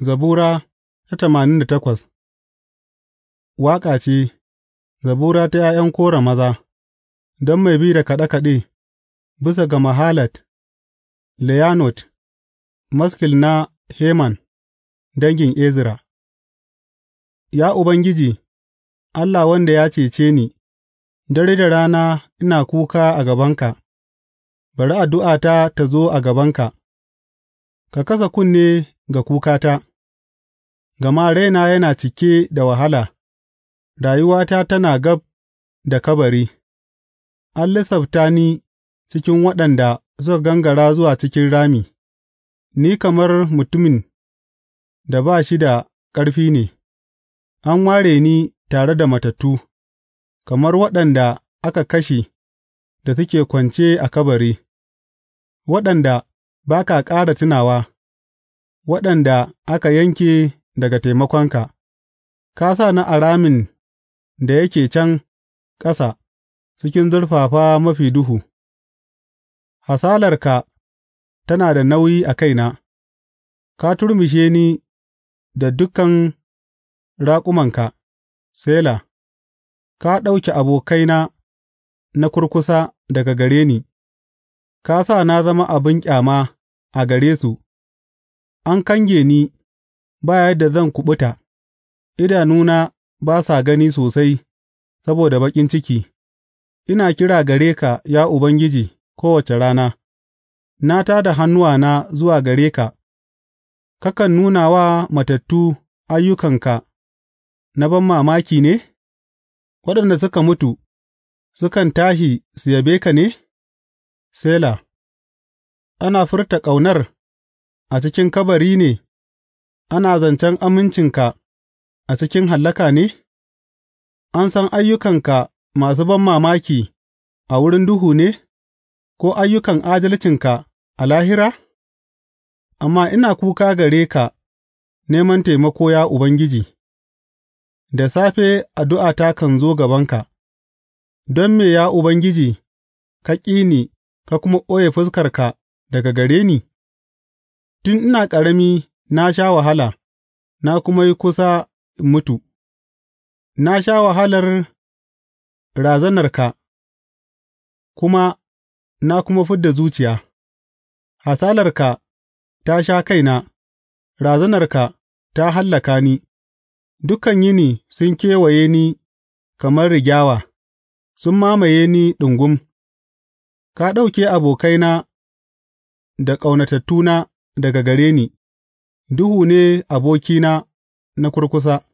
Zabura ta tamanin da takwas Waƙa ce, Zabura ta ’ya'yan Kora maza, don mai bi da kaɗe kaɗe, bisa ga mahalat, leyanot, maskil na Heman, dangin Ezra. Ya Ubangiji, Allah wanda ya cece ni, dare da rana ina kuka a gabanka, bari addu'ata ta zo a gabanka. Ka kasa kunne ga kukata, gama raina yana cike da wahala; rayuwata tana gab da kabari, an lissafta ni cikin waɗanda suka gangara zuwa cikin rami, ni kamar mutumin da ba shi da ƙarfi ne, an ware ni tare da matattu, kamar waɗanda aka kashe da suke kwance a kabari, waɗanda ba ka ƙara tunawa, waɗanda aka yanke daga taimakonka, ka sa na a ramin da yake can ƙasa cikin zurfafa mafi duhu, hasalarka tana da nauyi a kaina, ka turmushe ni da dukan raƙumanka, Sela, ka ɗauke abokaina na kurkusa daga gare ni, ka sa na zama abin ƙyama. a gare su, An kange ni, ba yadda zan kuɓuta, idanuna ba sa gani sosai saboda baƙin ciki, ina kira gare ka, ya Ubangiji, kowace rana, na tā da hannuwana zuwa gare ka, kakan nuna wa matattu ayyukanka na ban mamaki ne? Waɗanda suka mutu, sukan tashi su yabe ka ne? Sela Ana furta ƙaunar a cikin kabari ne, ana zancen amincinka a cikin hallaka ne? An san ayyukanka masu ban mamaki a wurin duhu ne, ko ayyukan adalcinka a lahira? Amma ina kuka gare ka neman taimako, ya Ubangiji; da safe addu'a ta kan zo gabanka, Don me, ya Ubangiji, ka ƙi ni ka kuma ɓoye fuskarka? daga gare ni? Tun ina ƙarami na sha wahala, na kuma yi kusa in mutu; na sha wahalar razanarka kuma na kuma fid zuciya; hasalarka ta sha kaina, razanarka ta hallaka ni, dukan yini sun kewaye ni kamar rigyawa, sun mamaye ni ɗungum; ka ɗauke abokaina. da ƙaunatattuna daga gare ni; duhu ne abokina na kurkusa.